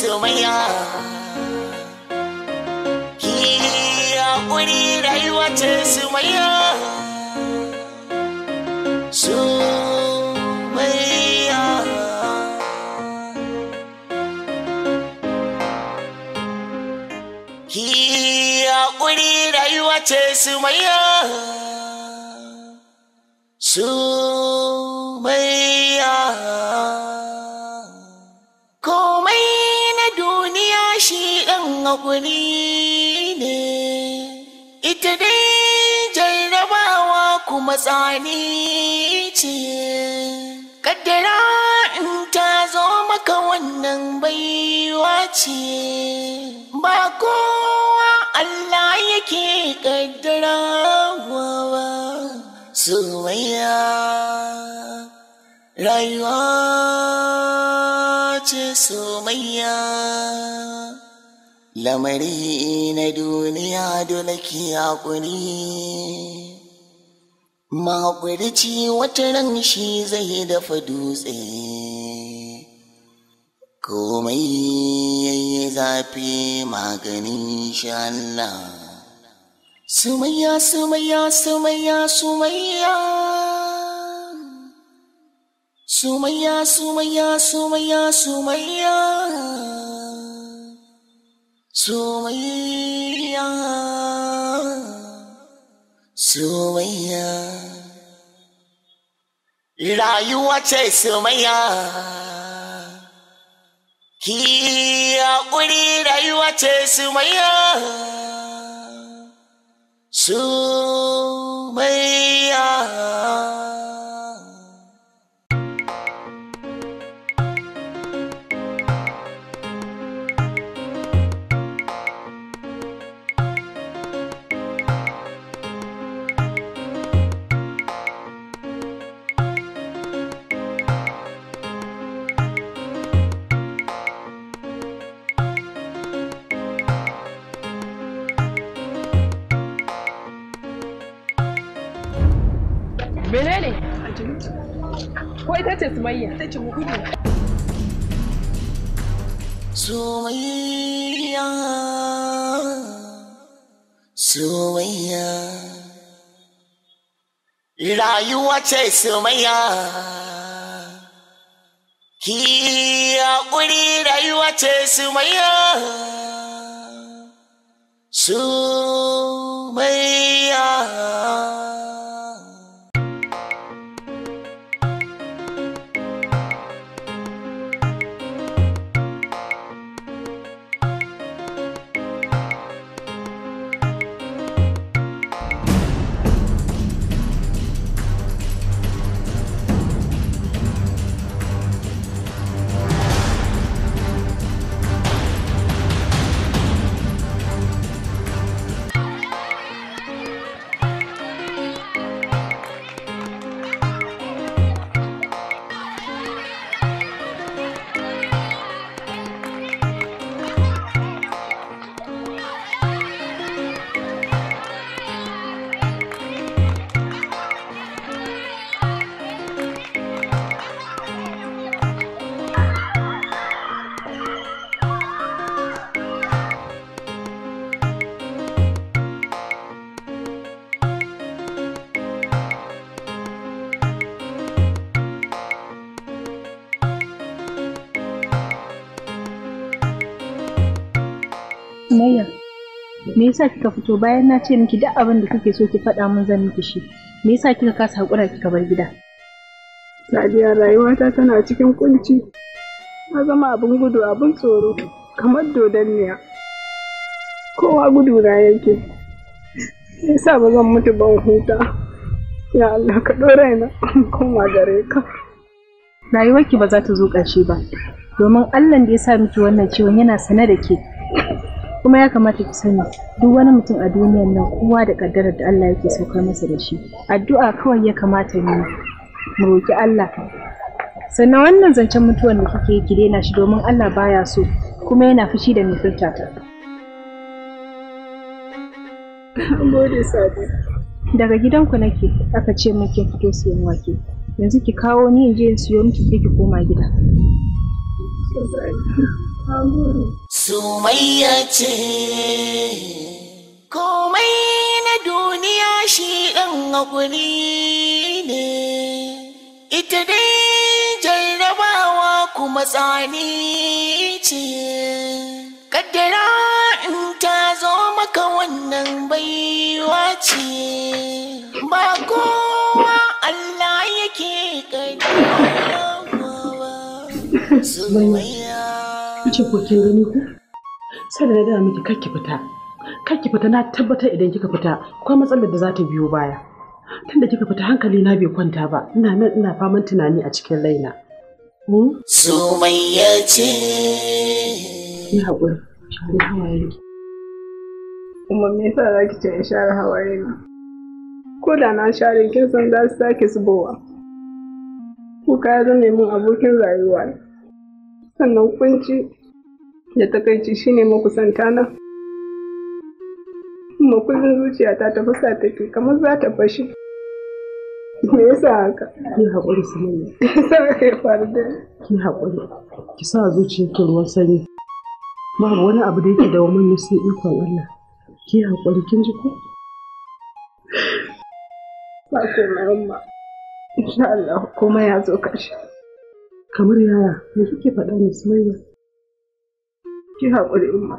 soyayya ki haƙuri rayuwa ce soyayya soyayya ki haƙuri rayuwa ce haƙuri ne ita dai jarrabawa kuma tsani ce kaddara in ta zo maka wannan baiwa ce ba kowa Allah yake kaddarawa ba soyayya rayuwa ce soyayya lamari na duniya dole ki haƙuri mahaƙurici wata ran shi zai dafa dutse komai yayi zafi maganin shi Allah sumayya sumayya sumayya sumayya Sumayya, Sumayya, Sumayya, Sumayya. Sumayya Sumayya Rayuwa ce Sumayya Ki haƙuri rayuwa ce Sumayya Sumayya ko ita ce sumayya ita ce ya gudu sumayya sumayya rayuwa ce sumayya ki su Sumayya, me yasa kika fito bayan na ce miki duk abin da kike so ki faɗa mun zan miki shi. Me yasa kika kasa haƙura kika bar gida? Sadiya rayuwata tana cikin kunci. Na zama abin gudu abin tsoro kamar miya. Kowa gudu na yake. Yasa ba zan mutu ban huta. Ya Allah ka ɗora na koma gare ka. Rayuwarki ba za ta zo ƙarshe ba. Domin Allah da ya sa miki wannan ciwon yana sane da ke. kuma ya kamata ki sani duk wani mutum a duniyar nan kowa da kaddarar da Allah yake saukar masa da shi addu'a kawai ya kamata ne mu roki Allah sannan wannan zancen mutuwar da kike ki daina shi domin Allah baya so kuma yana fushi da mai furta ta daga gidanku nake aka ce min kin fito siyan wake yanzu ki kawo ni in je in siyo miki ki koma gida Sumayya ce, komai na duniya shi ɗan haƙuri ne, ita dai jarrabawa kuma tsani ce. Kaddara in ta zo maka wannan baiwa ce, ba kowa Allah yake ƙarfi ba. Sumayya. ce ko kin gani ko? Sai da na miki kar ki fita. Kar ki fita na tabbatar idan kika fita ko matsalar da za ta biyo baya. Tunda kika fita hankali na bai kwanta ba. Ina nan ina faman tunani a cikin raina. Sumayya hmm? ce. Ki haƙuri. hawaye ne Kuma me yasa za ki ce in share hawayena? Ko da na share kin san za su sake zubowa. Kuka ya zama min abokin rayuwa ne. sannan kunci da takaici shine makusanta na kuma kullum zuciyata ta sa take kamar za ta fashi me yasa haka ki haƙuri sanayya ne ka faru da ki haƙuri ki sa zuciyarki ruwan sanyi ba wani abu da yake da wani sai ikon Allah ki haƙuri kin ji ko ba komai umma insha Allah komai ya zo kashi. Kamar yaya, me kike faɗa ne Sumayya? Ki haƙuri umma.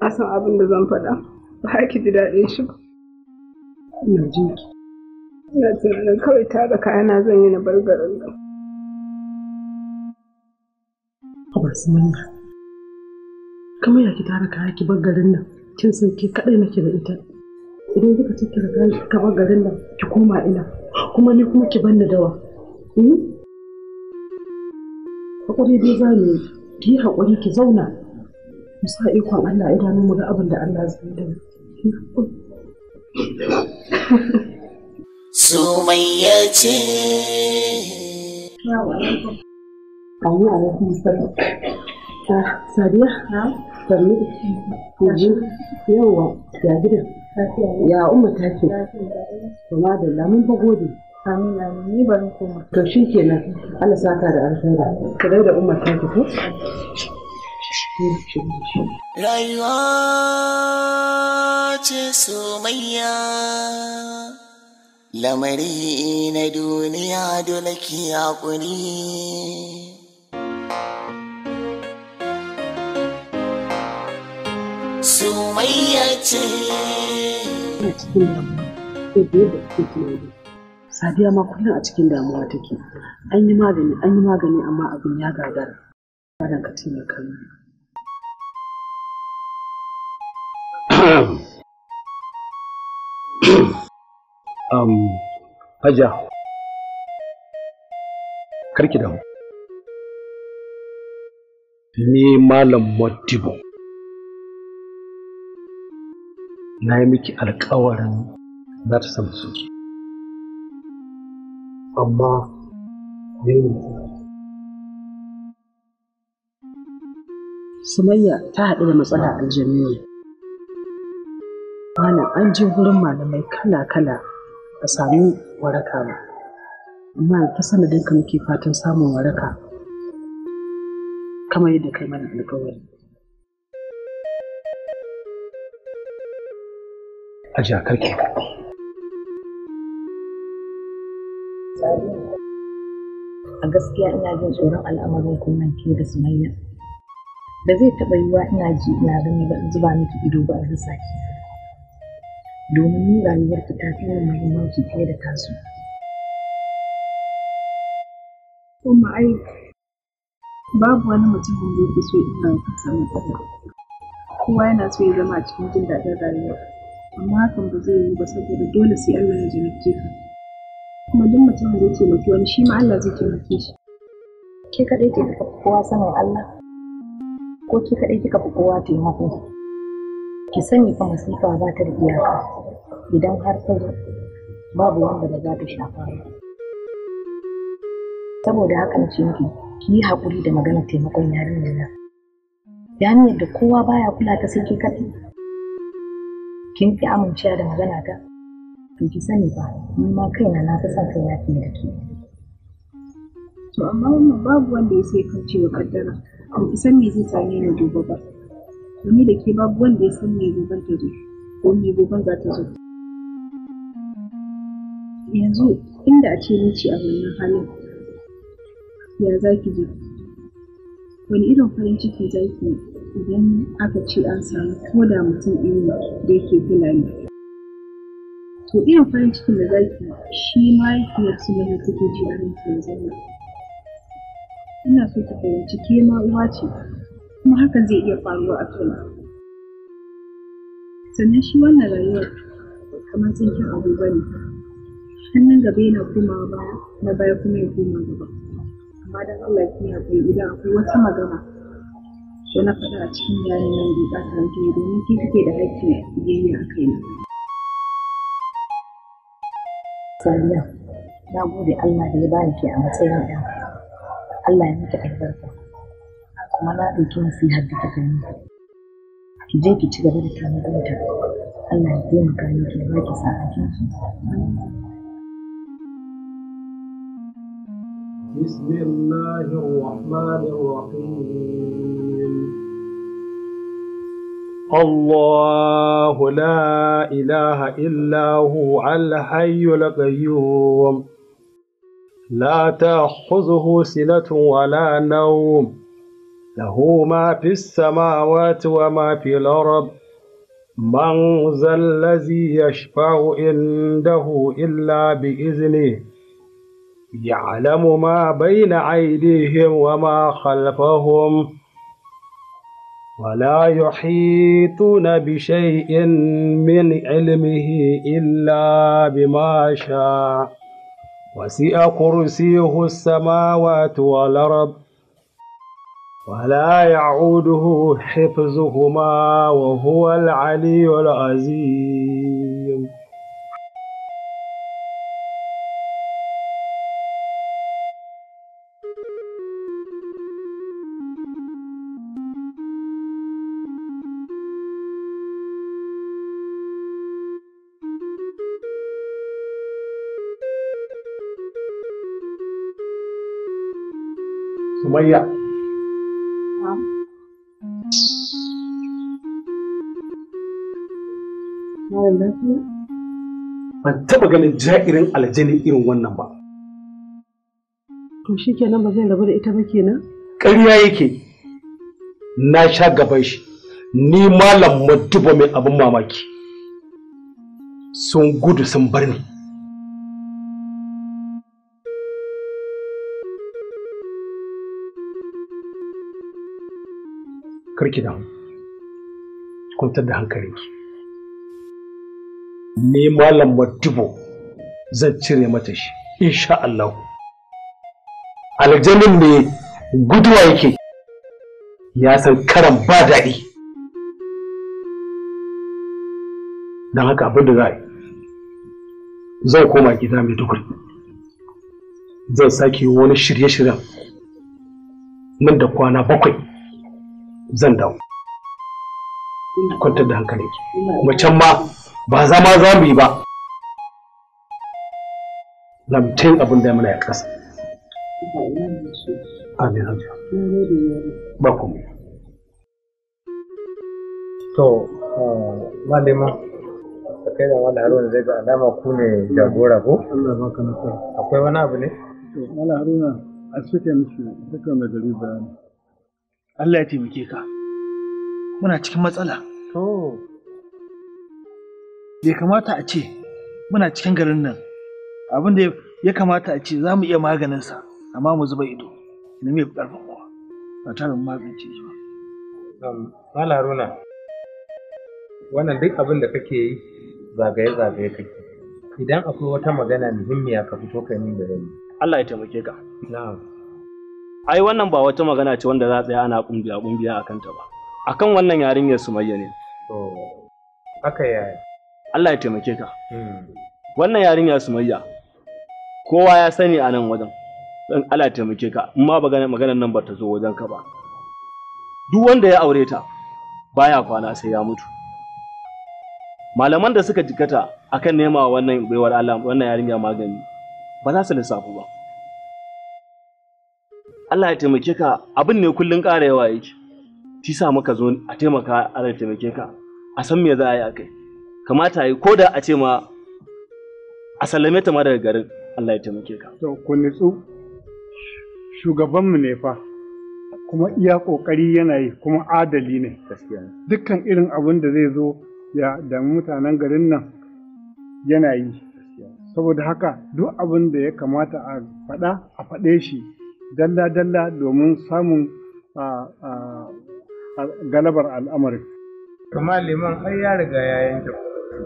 Na san abin da zan faɗa, ba ki ji daɗin shi ba. Ina jin ki. Ina tunanin kawai tara kayana zan yi na bar garin nan. Ba Sumayya. Kamar ya ki tara kaya ki bar garin nan, kin san ke kaɗai nake da ita. Idan kika ce ki riga ki bar garin nan, ki koma ina. Kuma ni kuma ki banni dawa. Hmm? hakuri dai za mu ki yi hakuri ki zauna mu sa ikon Allah ya dano mu ga abin da Allah zai yi da mu Sumayya ce Ayi a yakin sallah Sadiya Sannu Kuji Yawwa ya gida. Ya umma ta ce Kuma da lamun fa Amin amin ni bari koma. To shi kenan Allah saka da alkhairi. Ka dai da umar ta ki ko? Rayuwa ce somayya lamari na duniya dole ki haƙuri. Sumayya ce. Ina cikin damuwa, ko da yadda yi. sadiya ma kullum a cikin damuwa take an yi magani an yi magani amma abin ya gagara bayan ka taimaka mu um hajiya karki damu ni malam modibo na yi miki alkawarin za ta samu suke amma daina Sumayya ta haɗu da matsala a aljanu Malam an je wurin malamai kala-kala a sami waraka ba. Amma ta sanadin ka muke fatan samun waraka kamar yadda kai mana alƙawari. A jakar ki A gaskiya ina jin tsoron al'amarin kunan ke da sumayya. Ba zai taɓa yiwuwa ina ji ina gani ba in zuba miki ido ba a rasa ki. Domin ni rayuwar ki ta fi min muhimmanci fiye da tasu. Kuma ai babu wani mutum da yake so ina kansa matsala. Kowa yana so ya zama a cikin jin daɗin rayuwa. Amma hakan ba zai yi ba saboda dole sai Allah ya jarabce ka. kuma duk mutumin zai taimaki wani shi ma Allah zai taimake shi ke kaɗai ke kika fi kowa sanin Allah ko ke kaɗai kika fi kowa taimako ki sani fa masifa ba ta da iyaka idan har ta zo babu wanda ba za ta shafa ba saboda haka na ce miki ki yi haƙuri da maganar taimakon yarinyar nan yarinyar da kowa baya kula ta sai ke kaɗai kin fi amincewa da magana ta to ki sani ba ni ma kaina na fi sa kai lafiya da ke to amma wannan babu wanda ya sai kauce wa kaddara to ki san me zai same ni gobe ba domin da ke babu wanda ya san me gobe ta zo ko me gobe za ta zo yanzu inda a ce ni a wannan halin ya za ki je wani irin farin ciki za ki idan aka ce an samu ko da mutum ɗaya da yake fulani to irin farin cikin da zaki shi ya su mana take ji a ranki zama ina so ta fahimci ke ma uwa ce kuma hakan zai iya faruwa a kai. sannan shi wannan rayuwar kamar tsinkin abu ba ne. hannun gaba yana komawa ba na baya kuma ya koma gaba amma don Allah ki haƙuri idan akwai wata magana da na faɗa a cikin yaren nan bai ɓata domin ki kike da haƙƙin biyayya a kaina Sariya, na gode Allah da ya ba ki a matsayin ɗa. Allah ya miki albarka. Kuma na ɗauki nasihar da ta yi. Ki je ki ci gaba da tanadanta. Allah ya taimaka miki ya ba ki sa'a a بسم الله الرحمن الله لا إله إلا هو الحي القيوم لا تأخذه سنة ولا نوم له ما في السماوات وما في الأرض من ذا الذي يشفع عنده إلا بإذنه يعلم ما بين أيديهم وما خلفهم ولا يحيطون بشيء من علمه إلا بما شاء وسع كرسيه السماوات والأرض ولا يعوده حفظهما وهو العلي العزيز Umayya. Ban taɓa ganin ja'irin aljani irin wannan ba. To shi kenan ba zai rabu da ita ba kenan? Ƙarya yake, na sha gaban shi, ni malam maduba mai abin mamaki. Sun gudu sun bar ni. karki da kwantar da hankali ni malam Madibo zan cire mata shi insha Allah aljanin ne guduwa yake ya san karan ba daɗi don haka abin da za a yi zan koma gida mai dukur zan sake wani shirye-shiryen nan da kwana bakwai zan dawo kwantar da hankali kuma can ma ba za ma za mu yi ba na mutum abin da mana ya kasa amin hajiya ba ku to ah, malima da kai da wani haruna zai ga alama ku ne jagora ko? Allah baka nasara. Akwai wani abu ne? To, wani haruna a cikin shi duka mai gari bayani. Allah ya taimake ka muna cikin matsala to bai kamata a ce muna cikin garin nan abin da ya kamata a ce za mu iya maganinsa amma mu zuba ido Ina mai ƙarfin kuwa. ba tare da magance shi ba. Mala Haruna, wannan duk abin da kake yi zagaye-zagaye kake. Idan akwai wata magana muhimmiya ka fito ka yi da rani. Allah ya taimake ka. Na'am. ai wannan ba wata magana ce wanda za a tsaya ana kungiya kungiya akan ta ba akan wannan yarinyar sumayya ne to haka ya Allah ya taimake ka hmm. wannan yarinya sumayya kowa ya sani a nan wajen dan Allah ya taimake ka in ma maganar nan ba ta zo wajen ka ba duk wanda ya aure ta baya kwana sai ya mutu malaman da suka jikata akan nema wannan baiwar Allah wannan yarinya magani ba za su lissafu ba Allah ya taimake ka abin ne kullun ƙara yawa yake shi sa muka zo a taimaka Allah ya taimake ka a san me za a yi akai kamata yi koda a ce ma a sallame ta ma daga garin Allah ya taimake ka to ku nitsu shugabanmu ne fa kuma iya kokari yana yi kuma adali ne dukkan irin abin da zai zo ya dami mutanen garin nan yana yi saboda haka duk abin da ya kamata a faɗa a faɗe shi dalla-dalla domin samun galabar al'amari. kuma liman ai ya riga ya yanke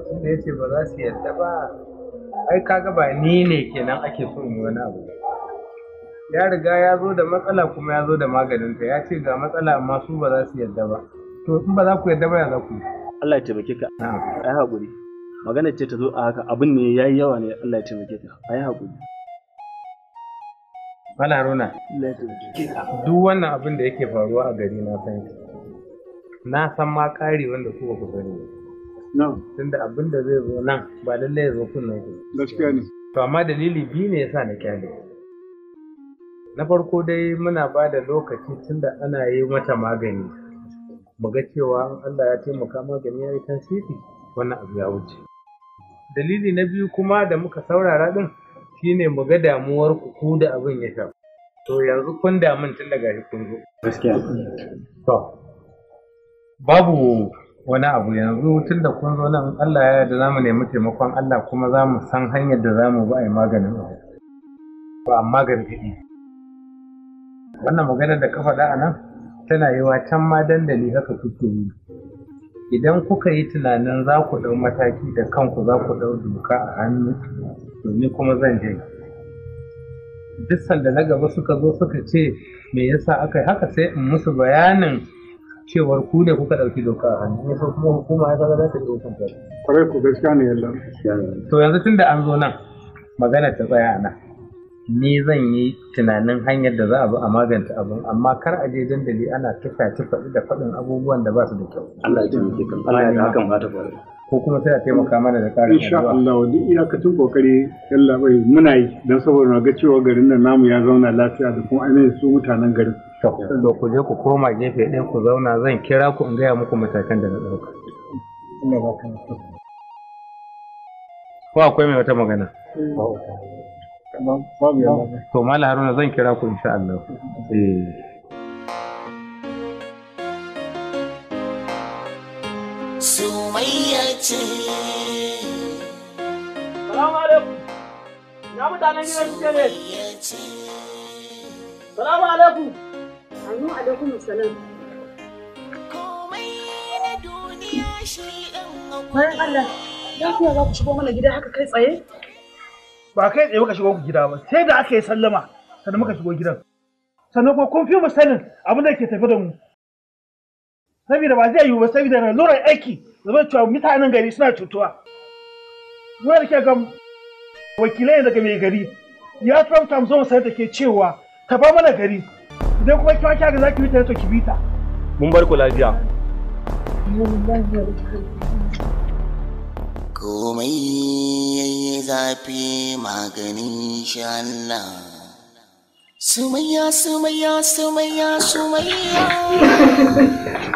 kuma ya ce ba za su yadda ba ai kaga ba ni ne kenan ake so in wani abu ya riga ya zo da matsala kuma ya zo da maganinta ya ce ga matsala amma su ba za su yadda ba to in ba za ku yadda ba ya za ku Allah ya taimake ka ai haƙuri magana ce ta zo a haka abin ne yayi yawa ne Allah ya taimake ka ai haƙuri Mala Runa, duk wannan abin da yake faruwa a gari na san Na san ma kare wanda kuka ku sani. Tunda abin da zai zo nan ba lallai ya zo kunnen ku. Gaskiya ne. To amma dalili biyu ne yasa na kyale. Na farko dai muna ba da lokaci tunda ana yi mata magani. Mu ga cewa Allah ya taimaka magani ya yi tasiri wannan abu ya wuce. Dalili na biyu kuma da muka saurara din shine mu ga damuwar ku ku da abin ya sha? to yanzu kun damun tun daga shi kun zo gaskiya to babu wani abu yanzu tun da kun zo nan Allah ya yarda zamu nemi taimakon Allah kuma za mu san hanyar da za mu bi a yi maganin ba amma gargadi. wannan maganar da ka faɗa a nan tana yiwa can ma dandali haka kuke yi idan kuka yi tunanin za ku ɗau mataki da kanku za ku ɗau doka a hannu to ni kuma zan je duk sanda na gaba suka zo suka ce me yasa aka yi haka sai in musu bayanin cewar ku ne kuka ɗauki doka a hannu ne sai kuma hukuma ya zaga za ta ɗaukan ta kwarai ku gaskiya ne yalla to yanzu tunda an zo nan magana ta tsaya a nan ni zan yi tunanin hanyar da za a bi a maganta abin amma kar a je dandali ana tufa faɗi da faɗin abubuwan da ba su da kyau Allah ya taimake kan Allah ya hakan ba ta faru ko kuma sai a taimaka mana da ƙarin insha Allah wani iyakacin kokari yalla bai muna yi don saboda ga cewa garin nan namu ya zauna lafiya da kuma ainihin su mutanen garin to ku je ku koma gefe ɗaya ku zauna zan kira ku in gaya muku matakan da na ɗauka ko akwai mai wata magana to mala haruna zan kira ku insha Allah eh ce salamu alaikum ya mutanen gidan suke ne salamu alaikum annu alaikum salam bayan Allah don kuma za ku shigo mana gida haka kai tsaye ba kai tsaye muka shigo ku gida ba sai da aka yi sallama sannan muka shigo gidan sannan kuma kun fi mu sanin abin da ke tafi da mu saboda ba zai yiwu ba saboda lura aiki zama cewa mutanen gari suna cutuwa muna da ga wakilai daga mai gari ya tsamta mu zo sai da ke cewa ka ba mana gari idan kuma kiwa kiya ga zaki bi ta to ki bi ta mun bar ku lafiya komai yayi zafi maganin sha Allah Sumaya, Sumaya, Sumaya, Sumaya.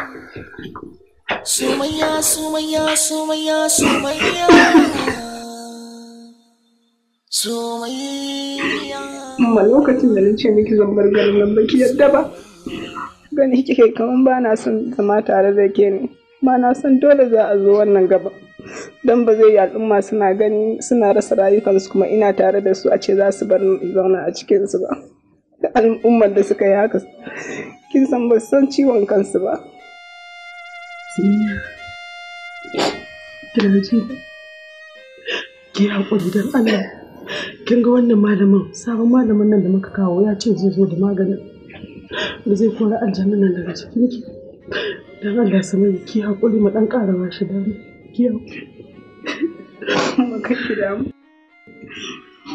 sumaya sumaya sumaya sumaya sumaya Amma lokacin da na ce miki zan bar garin nan baki yadda ba. Gani kike kaman ba na son zama tare da ke ne. Ba na son dole za a zo wannan gaba. Don ba zai yi al'umma suna gani suna rasa rayukansu kuma ina tare da su a ce za su bar zauna a cikinsu ba. Da al'ummar da suka yi haka kin san ba san ciwon kansu ba. Sina, Kin ga wannan sabon malamin nan da muka kawo ya ce zai zo da maganin nan daga cikin ki. Don ki haƙuri ɗan shi ki haƙuri. damu.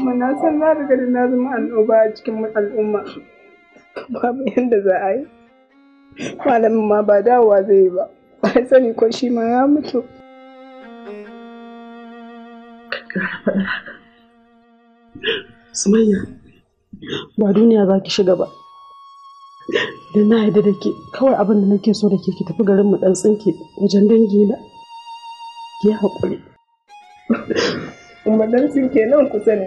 san na riga da na zama annoba a cikin al'umma. Babu yadda za a yi. Malamin ma ba dawowa zai yi ba. ba sani ko shi ma ya mutu sumayya ba duniya za ki shiga ba da na yadda da ke kawai abin da nake so da ke ki tafi garin mu dan tsinke wajen dangi na ki haƙuri umma dan tsinke nan kusa ne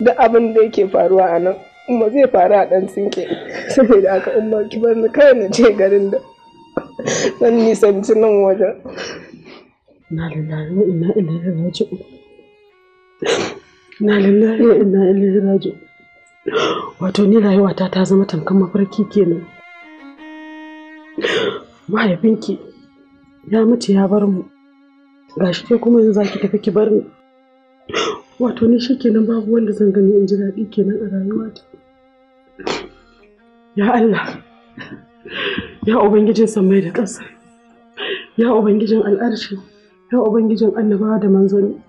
da abin da yake faruwa a nan umma zai faru a dan tsinke saboda haka umma ki bar ni kai na je garin da zan nisanci nan waje. na lillahi wa ina ilaihi raji'un na lillahi wa ina ilaihi wato ni rayuwata ta zama tamkar mafarki kenan mahaifinki ya mace ya bar mu gashi ke kuma yanzu zaki tafi ki bar ni wato ni shi kenan babu wanda zan gani in ji daɗi kenan a rayuwata ya Allah ya ubangijin sammai da ƙasa ya ubangijin al'arshi ya ubangijin annabawa da manzoni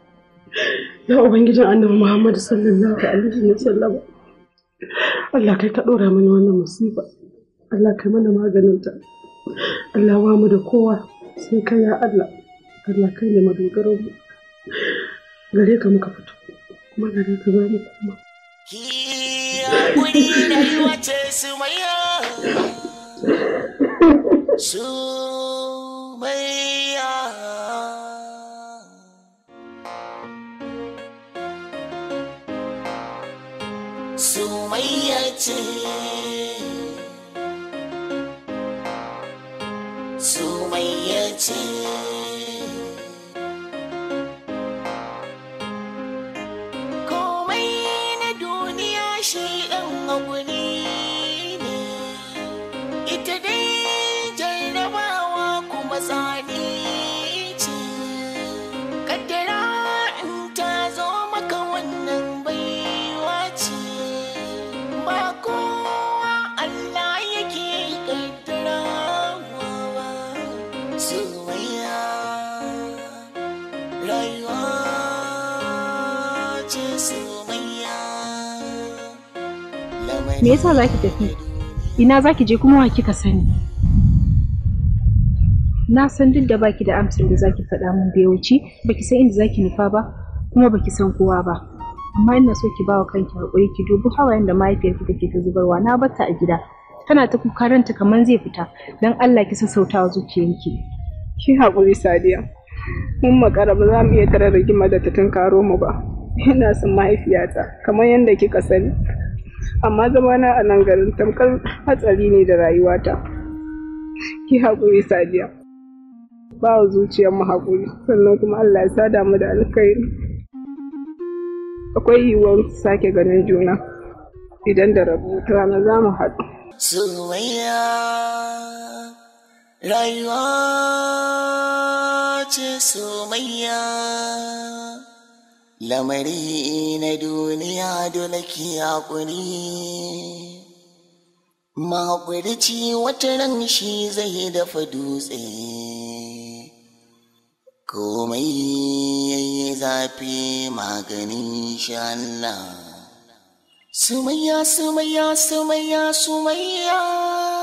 ya ubangijin annabi muhammadu sallallahu alaihi wa Allah kai ka ɗora mana wannan musiba Allah kai mana maganinta Allah ba mu da kowa sai kai ya Allah Allah kai ne madogaran mu gare ka muka fito kuma gare ka za mu koma kuri yi wace su mai Sumayya. Sumayya ce. Yasa yasa ki tafi ina zaki je kuma wa kika sani na san duk da baki da amsar da zaki faɗa min bai ba baki san inda zaki nufa ba kuma baki san kowa ba amma ina so ki bawa kanki hakuri ki dubi hawayen da mahaifiyarki take ta zubarwa na batta a gida tana ta ranta kamar zai fita don Allah ki sassautawa zuciyarki ki hakuri sadiya mun makara ba za mu iya tare rigima da ta tunkaro mu ba ina son mahaifiyata kamar yadda kika sani amma zamana a nan garin tamkar hatsari ne da rayuwata ki haƙuri sadiya ba wa zuciyar mu haƙuri sannan kuma allah ya sada mu da alkhairi akwai yiwuwar sake ganin juna idan da rabu ta rana za mu haɗu rayuwa ce sumayya lamari na duniya dole ki haƙuri mahaƙurici wata ran shi zai dafa dutse komai yayi zafi maganin shi Allah sumayya sumayya sumayya sumayya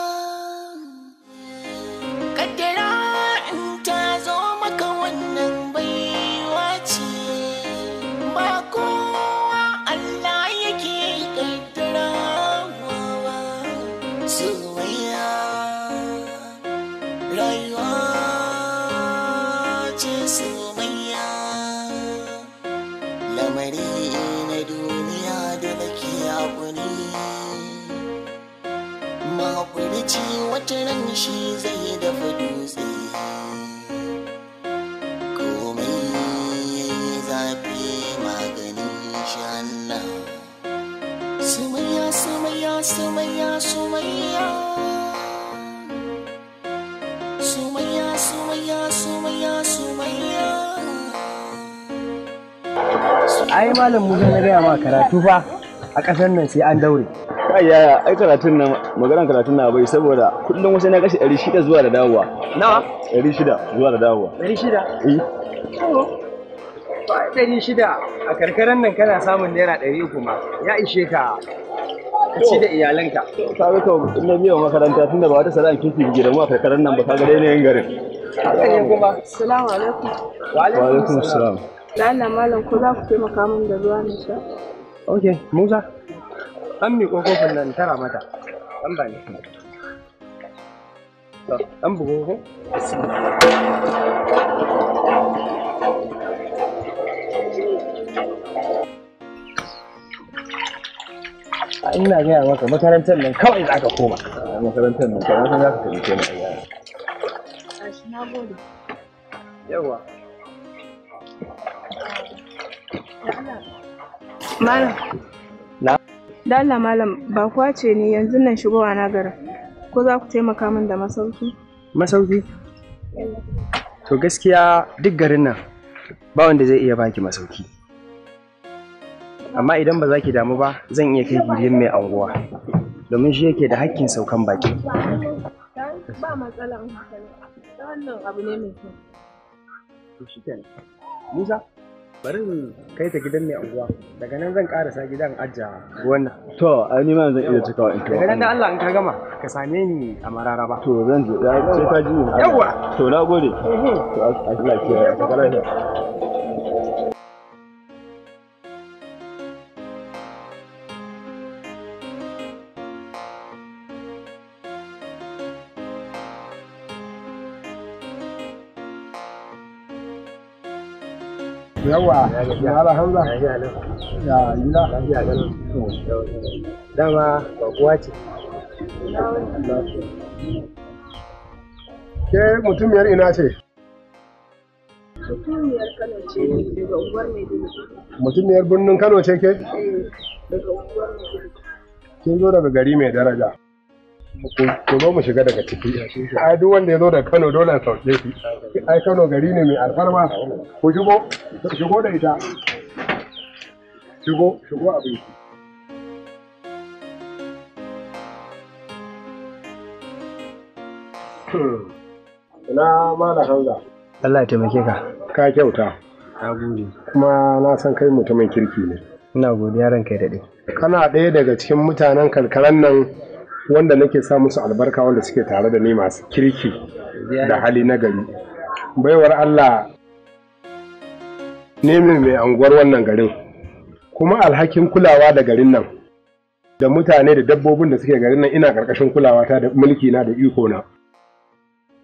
sumaya, sumaya, sumaya, sumaya, sumaya, sumaya, sumaya, sumaya. Ai malam Musa na gaya ma karatu fa a ƙasar nan sai an daure. Kai yaya ai karatun nan magana karatun na bai saboda kullum wasu na kashe ɗari shida zuwa da dawowa. Nawa? Ɗari shida zuwa da dawowa. Ɗari shida? Eh. ɗari shida a karkarar nan kana samun naira ɗari uku ma ya ishe ka ci da iyalanka. Ka ga to na biyo makaranta tunda ba wata sana'a kirki ke da mu a karkarar nan ba ka ga yanayin garin. Haka kuma. Assalamu alaikum. Wa alaikum assalam. Lalla malam ko za ku taimaka min da ruwa na sha. Okay, Musa. An miƙo kofin nan tara mata. An ba ni. An bugu ko? ina gaya maka makarantar nan kawai za ka koma makarantar nan kawai za ka taimake mu yawa malam na dalla malam ba kuwa ce ne yanzu nan shigowa na nagara, ko za ku taimaka min da masauki masauki to gaskiya duk garin nan ba wanda zai iya baki masauki amma idan ba za ki damu ba zan iya kai gidan mai anguwa domin shi yake da hakkin saukan baki ba matsala wannan abu ne mai kyau to shi musa bari in kai ta gidan mai anguwa daga nan zan karasa gidan ajja wannan to ai ni ma zan iya cikawa in to daga nan Allah in ka gama ka same ni a marara ba to zan je sai ka ji yawa to na gode to Allah ya kiyaye ka lafiya yawa ba hamza ya gida dama ba kuwa ce ke ina ce mutumiyar kano ce daga birnin kano ce ke eh, kin zo daga gari mai daraja ku zo mu shiga daga ciki ai duk wanda ya zo da Kano dole a sauke shi ai Kano gari ne mai alfarma ku shigo shigo da ita shigo shigo Na Ina mala Hamza. Allah ya taimake ka. Ka kyauta. Na gode. Kuma na san kai mutumin kirki ne. Ina godiya ranka ya daɗe. Kana ɗaya daga cikin mutanen karkaran nan wanda nake sa musu albarka wanda suke tare da ni masu kirki da hali na gari baiwar Allah ne mai anguwar wannan garin kuma alhakin kulawa da garin nan da mutane da dabbobin da suke garin nan ina karkashin kulawa ta da mulki na da iko na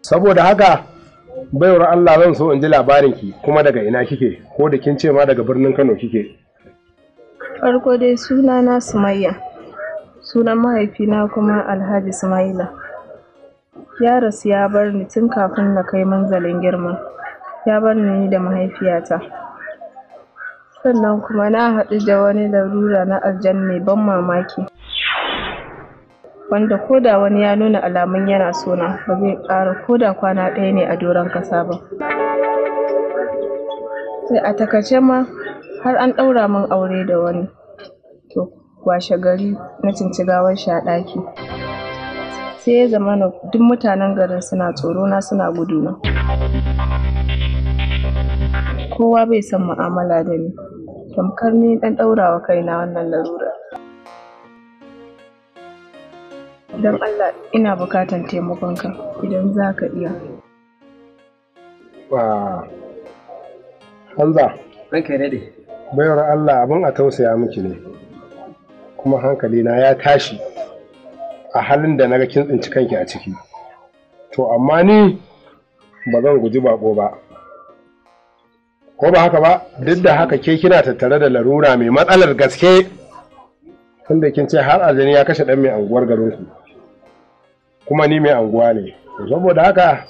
saboda haka baiwar Allah zan so in ji labarin ki kuma daga ina kike ko da kin ce ma daga birnin Kano kike farko dai sunana Sumayya Sunan mahaifina kuma Alhaji Sumaila. Ya rasu ya bar ni tun kafin na kai manzalin girma. Ya barni ni da mahaifiyata. Sannan kuma na haɗu da wani larura na aljan mai ban mamaki. Wanda koda wani ya nuna alamun yana sona ba zai ƙara koda kwana ɗaya ne a doron ƙasa ba. Sai a takaice ma har an ɗaura min aure da wani. washe gari na tsinci gawar shi a ɗaki sai ya zama duk mutanen garin suna tsoro na suna guduna kowa bai son mu'amala da ni tamkar ni ɗan ɗaurawa kaina wannan larura don allah ina bukatan taimakonka idan za ka iya Hamza. Ranka ya daɗe. Bayar Allah abin a tausaya miki ne. kuma na ya tashi a halin da na ga kin tsinci kanki a ciki to amma ni ba zan guji bako ba ko ba haka ba duk da haka ke kina tattare da larura mai matsalar gaske tunda kin ce har aljani ya kashe dan mai anguwar garinku kuma ni mai anguwa ne saboda haka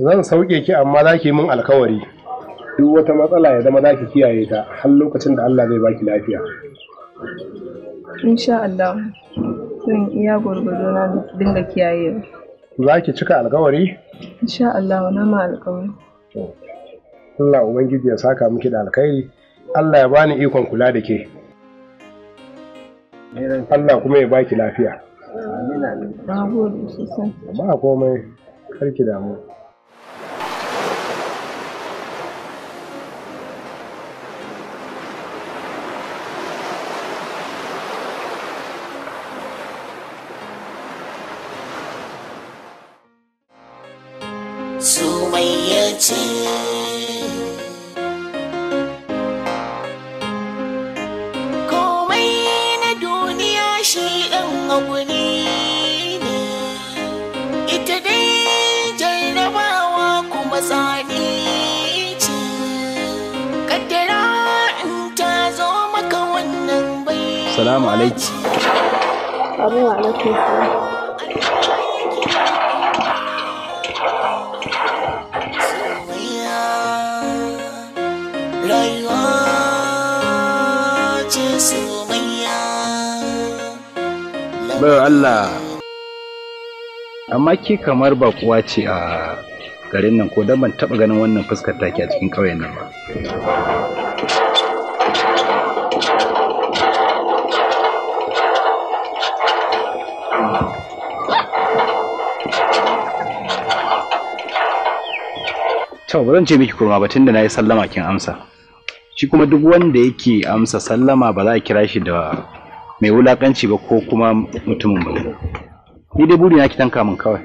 zan sauke ki amma za ki min alkawari duk wata matsala ya zama za ki kiyaye ta har lokacin da Allah zai baki lafiya insha Allah zan iya gwargwado na dinga kiyayewa za ki cika alkawari insha Allah na ma alkawari Allah ubangiji ya saka miki da alkhairi Allah ya bani ikon kula da ke Allah kuma ya baki lafiya. Na Ba komai karki damu. ne ita dai kuma bai salamu alaiki abuwa alaikum bai Allah amma ki kamar bakuwa ce a garin nan ko ban taba ganin wannan fuskar take a cikin ƙauyen nan ba Cewa ba zan ce miki kurma batun da na yi sallama kin amsa. Shi kuma duk wanda yake amsa sallama ba za a kira shi da mai wulakanci ba ko kuma mutumin ba ni dai na ki tanka min kawai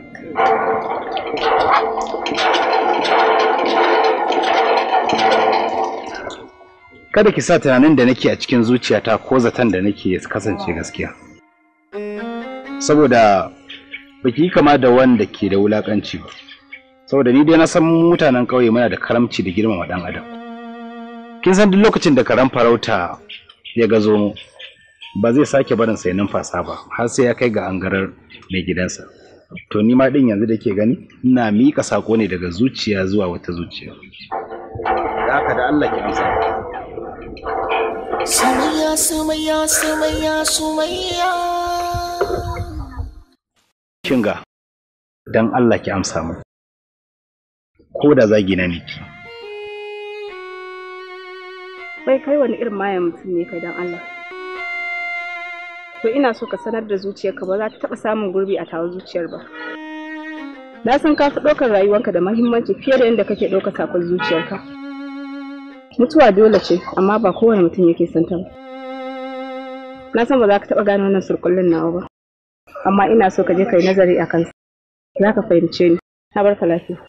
kada ki sa tunanin da nake a cikin zuciyata ko zaton da nake ya kasance gaskiya saboda ba ki kama da wanda ke da wulakanci ba saboda ni dai na san mutanen ƙauye muna da karamci da girmama ɗan adam kin san duk lokacin da karan farauta ya gazo mu ba zai sake barin sai numfasa ba har sai ya kai ga angarar mai gidansa to ni ma din yanzu da ke gani ina miƙa sako ne daga zuciya zuwa wata zuciya da haka da Allah ki amsa Sumayya Sumayya Sumayya Sumayya Kinga dan Allah ki amsa mu ko da zagi na miki Bai kai wani irin mayan mutum ne kai dan Allah to ina so ka sanar da zuciyarka ba za ta taɓa samun gurbi a tawa zuciyar ba na san ka fi ɗaukar rayuwarka da mahimmanci fiye da yadda kake ɗaukar sakon zuciyarka mutuwa dole ce amma ba kowane mutum yake son ta ba na san ba za ka taba gane wannan surkullin nawa ba amma ina so ka je ka yi nazari a kansa za ka fahimce ni na barka lafiya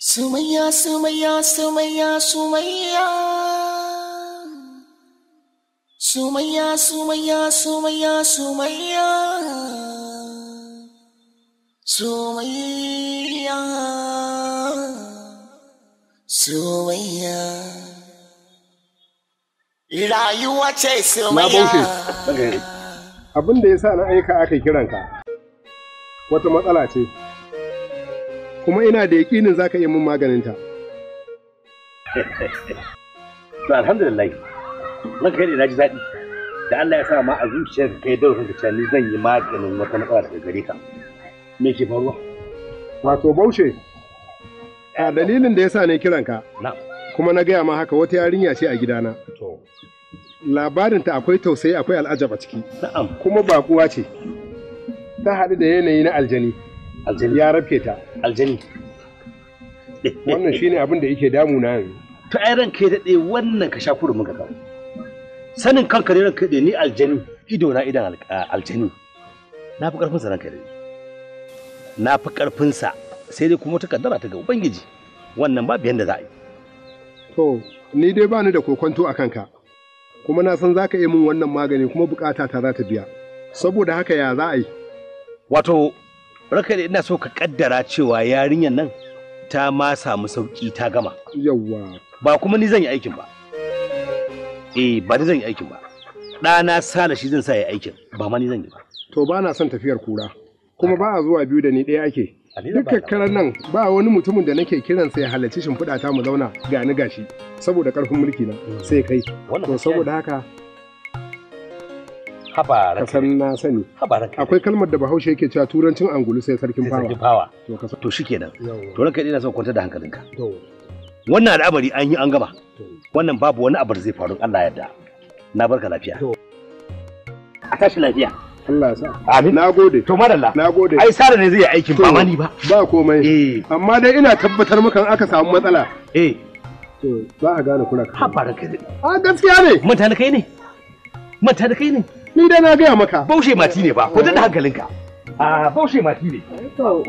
Sumaya, Sumaya, Sumaya, Sumaya, Sumayya. Sumayya. Rayuwa ce Sumayya. Abin da ya sa na aika aka kiranka wata matsala ce, kuma ina da yaƙinin za ka yi min maganinta. Alhamdulillah. ranka kai na ji daɗi da Allah ya sa ma a zuciyar ka kai da ranka ni zan yi maganin wata matsala daga gare ka me ke faruwa wato Bauche, a dalilin da yasa ne kiran ka kuma na gaya ma haka wata yarinya ce a gidana labarinta akwai tausayi akwai al'ajab a ciki kuma bakuwa ce ta haɗu da yanayi na aljani aljani ya rafe ta aljani wannan shine abin da yake na yanzu Ta ai ranka ya daɗe wannan ka sha kurumin ka kawai sanin kanka ne ranka ni aljanu ido na idan aljanu na fi karfin sa ranka ne na fi karfin sa sai dai kuma ta kaddara ta ga ubangiji wannan biyan da za a yi to ni dai bani da kokonto a kanka kuma na san zaka yi min wannan magani kuma bukata ta za ta biya saboda haka ya za a yi wato ranka ne ina so ka kaddara cewa yarinyar nan ta ma samu sauki ta gama yawwa ba kuma ni zan yi aikin ba eh ba ni zan yi aikin ba ɗana sala shi zan sa ya aikin ba ma ni zan yi ba to ba na son tafiyar kura kuma ba a zuwa biyu da ni ɗaya ake duk kakkarar nan ba wani mutumin da nake kiran sai halarci shimfiɗa ta mu zauna ni gashi saboda ƙarfin mulki na mm. sai kai to saboda haka habara ka san na sani akwai kalmar da bahaushe yake cewa turancin angulu sai sarkin fawa to shikenan to ranka na son kwanta da hankalinka wannan al'amari an yi an gaba wannan babu wani abu da zai faru Allah ya da na barka lafiya a tashi lafiya Allah ya sa amin nagode to madalla nagode ai sare ne zai yi aikin ba mani ba ba komai eh amma dai ina tabbatar maka aka samu matsala eh to za a gane kura ka fara kai a gaskiya ne mutane kai ne mutane kai ne ni dai na gaya maka baushe mati ne ba ko da eh. hankalinka a ah, baushe mati ne to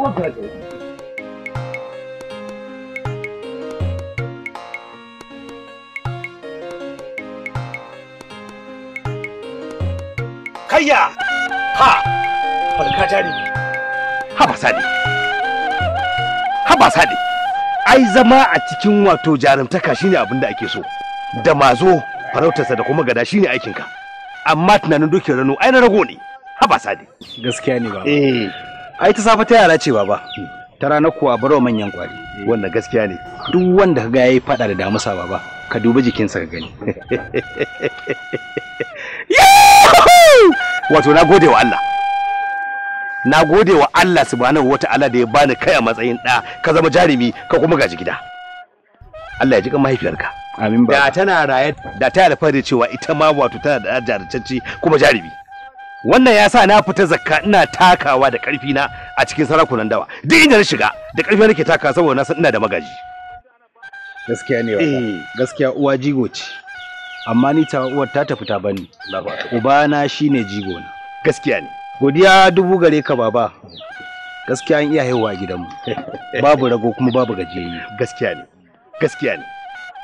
hayya ha ne ha ba sadi ha ai zama a cikin wato jarumtaka shine abin da ake so da mazo farautarsa da kuma gada shine aikinka amma tunanin dokin rano ai na rago ne ha ba sadi gaskiya ne baba eh ai ta safa ta yara ce baba ta ranar kuwa baro manyan kwari wannan gaskiya ne duk wanda ka ga yayi fada da damusa baba ka duba jikinsa ka gani wato na gode wa Allah na gode wa Allah subhanahu wata'ala da ya bani kai a matsayin ɗa ka zama jarumi ka kuma gaji gida Allah ya ji kan mahaifiyarka amin ba da tana raye da ta alfahari cewa ita ma wato tana da jarumci kuma jarumi wannan ya sa na fita zakka ina takawa da karfi na a cikin sarakunan dawa duk inda na shiga da karfi nake takawa saboda na san ina da magaji gaskiya ne eh. gaskiya uwa jigo ce amma ni ta uwar ta tafi ta bani ubana shine jigo na gaskiya ne godiya dubu gare ka baba gaskiya an iya haihuwa a gidanmu babu rago kuma babu gajiyayye gaskiya ne gaskiya ne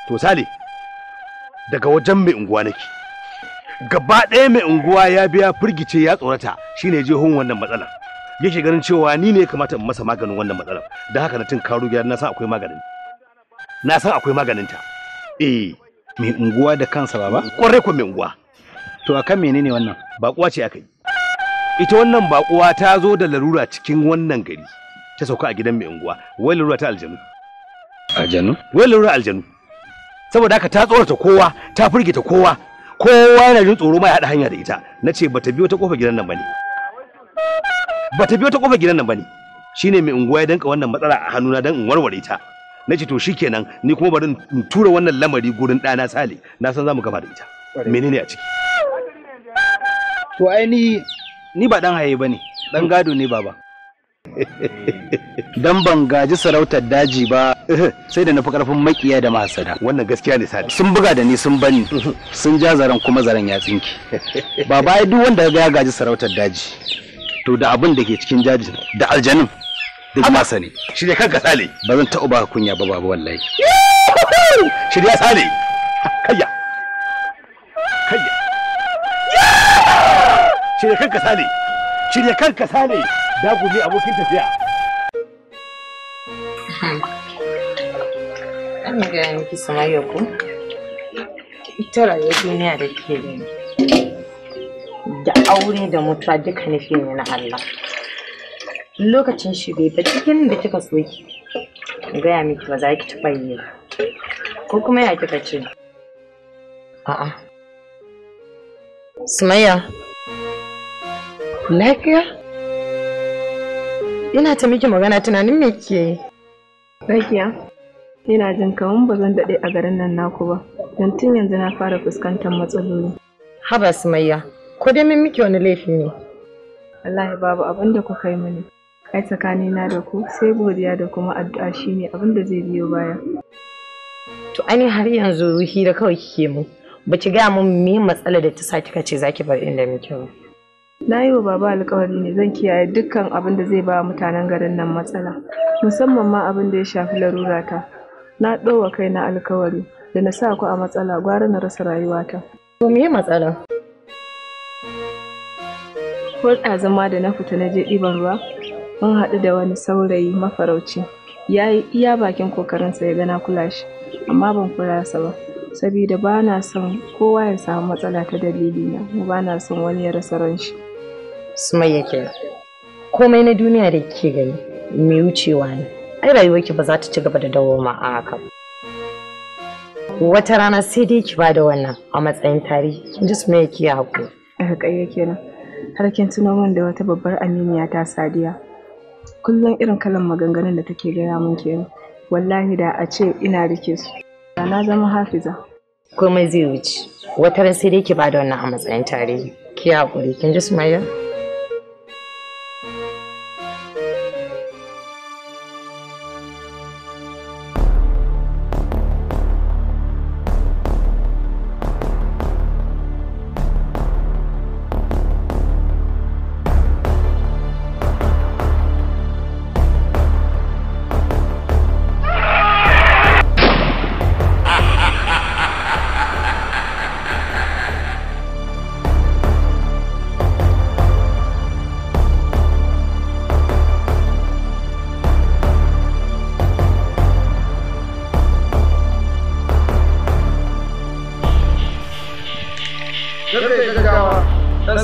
to sale daga wajen mai unguwa nake gaba ɗaya mai unguwa ya biya firgice ya tsorata shine jihun wannan matsalar yake ganin cewa ni ne kamata in masa maganin wannan matsalar da haka na tun karo gyara na san akwai maganin na san akwai maganin ta eh mai unguwa da kansa ba ba kwarai ko mai unguwa to kan menene wannan bakuwa ce aka yi ita wannan bakuwa ta zo da larura cikin wannan gari ta sauka a gidan mai unguwa wai larura ta aljanu aljanu wai larura aljanu saboda haka ta tsorata kowa ta firgita kowa kowa yana jin tsoro ma ya haɗa hanya da ita na ce bata biyo ta kofar gidan nan bane bata biyo ta kofar gidan nan bane shine mai unguwa ya danka wannan matsala a hannuna dan in warware ta na ce to shikenan ni kuma bari in tura wannan lamari gurin ɗana sale na san za mu gama da ita menene a ciki to ai ni ni ba dan haye bane dan gado ne baba dan ban gaji sarautar daji ba sai da na fi karfin makiya da masada wannan gaskiya ne sadi sun buga da ni sun bani sun ja zaren kuma zaren ya tsinki baba ai duk wanda ya gaji sarautar daji to da abin da ke cikin jajin da aljanin duk ma sani shirya kanka sale ba zan taɓa ba kunya ba babu wallahi shirya sale kayya kayya shirya kanka sale shirya kanka sale dagu ne abokin tafiya an ga miki samayya ku ita rayuwar duniya da ke da aure da mutuwa duka nufi ne na Allah lokacin shi bai ba cikin da kika so ki gaya miki ba za ki taɓa yi ba ko kuma ya kika ce a'a sumayya lafiya ina ta miki magana tunanin me kike yi lafiya ina jin kamar ba zan daɗe a garin nan naku ba don tun yanzu na fara fuskantar matsaloli haba sumayya ko dai min miki wani laifi ne wallahi babu abin da kuka yi mini ai tsakanina da ku sai godiya da kuma addu'a shine abin da zai biyo baya to ani har yanzu hira kawai kike mu ba ki gaya mun me matsala da ta sa kika ce zaki bar inda muke ba na yi wa baba alkawari ne zan kiyaye dukkan abin da zai ba mutanen garin nan matsala musamman ma abin da ya shafi larurata na ɗowa na alkawari da na sa ku a matsala gwara na rasa rayuwata to me matsala ko zama da na fita na je ɗiban ruwa mun haɗu da wani saurayi mafarauci ya yi iya bakin kokarinsa ya gana kula shi amma ban kula sa ba saboda ba na son kowa ya samu matsala ta dalili na ba na son wani ya rasa ran shi sumayya yake komai na duniya da ke gani mai wucewa ne ai rayuwarki ba za ta ci gaba da dawoma a haka wata rana sai dai ki ba da wannan a matsayin tarihi kin ji yake ya haƙuri a haƙa kenan har kin tuno min da wata babbar aminiya ta sadiya kullum irin kalan maganganun da take gaya mun kenan wallahi da a ce ina rike su na zama hafiza komai zai wuce wata ran sai dai ki bada wannan a matsayin tarihi ki hakuri kin ji sumayya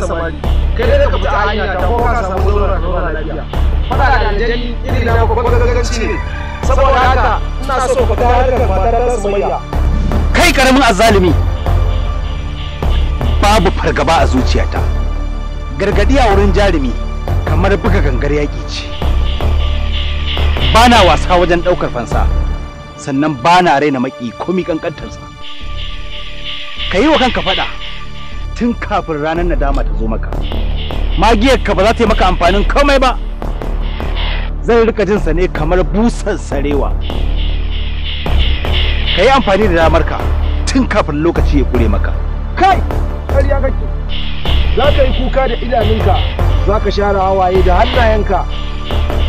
samari kai dai ka fita hanya ta ko ka samu zaura zaura lafiya fada da aljani irin na ko gaggagagci ne saboda haka ina so ka dawo da matar kai karamin azzalumi babu fargaba a zuciyata gargadi a wurin jarumi kamar buga gangar yaƙi ce bana wasa wajen ɗaukar fansa sannan bana raina maki komi kankantarsa ka yi wa kanka faɗa tun kafin ranar nadama ta zo maka magiyarka ba za ta yi maka amfanin komai ba Zan rika jin sa ne kamar busan sarewa ka yi amfani da damarka tun kafin lokaci ya kure maka kai ƙarya kake za ka yi kuka da idanunka za ka share hawaye da hannayenka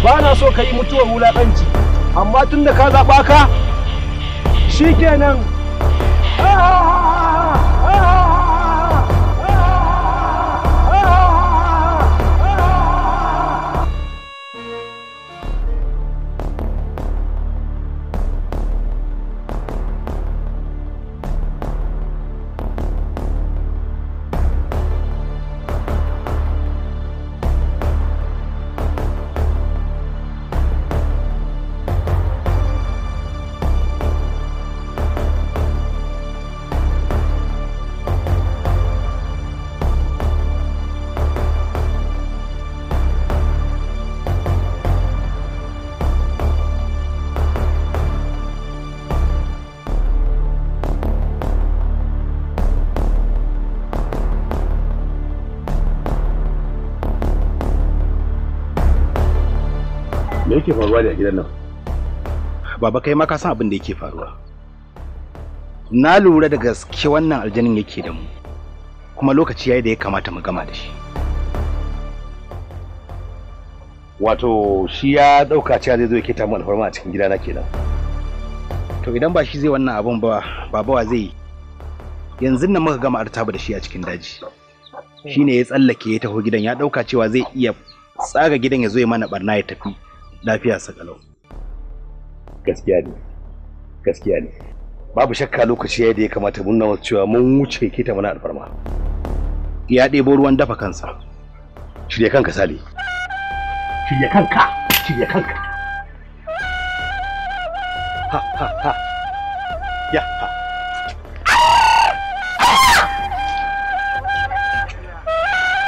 ba na so ka yi mutuwar wulaƙanci amma tun da ka zaɓa ka shi kenan ah! yake faruwa ne gidan nan baba kai ma ka san abin da yake faruwa na lura da gaske wannan aljanin yake da mu kuma lokaci yayi da ya kamata mu gama da shi wato shi ya dauka cewa zai zo ya ta mu alfarma a cikin gidana kenan to idan ba shi zai wannan abun ba baba wa zai yanzu nan muka gama artaba da shi a cikin daji shine ya tsallake ya taho gidan ya dauka cewa zai iya tsaga gidan ya zo ya mana barna ya tafi lafiya sakalau gaskiya ne gaskiya ne babu shakka lokaci yadda ya kamata mun nawa cewa mun wuce kita mana alfarma ya ɗebo ruwan dafa kansa shirya kanka sale shirya kanka shirya kanka ha ha ha ya ha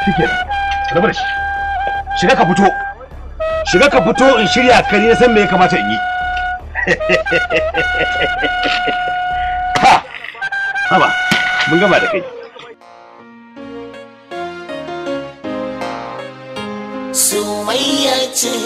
shike rabar shi shiga ka fito shiga ka fito in shirya ka ne san me ya kamata in yi ha haba mun gama da kai Sumayya ce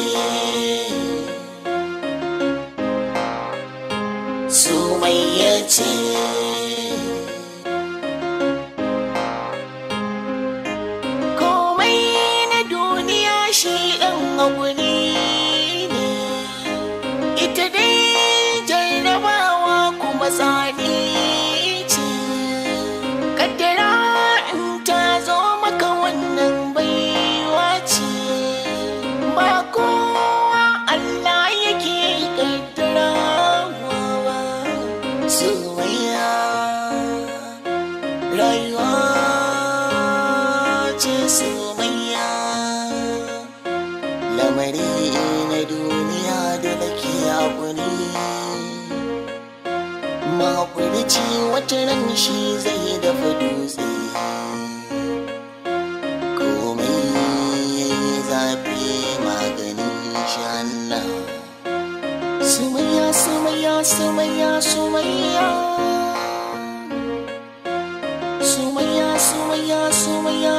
Sumayya,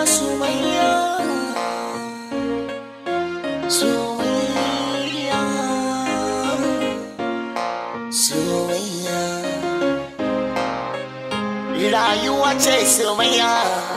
Sumayya Sumayya Sumayya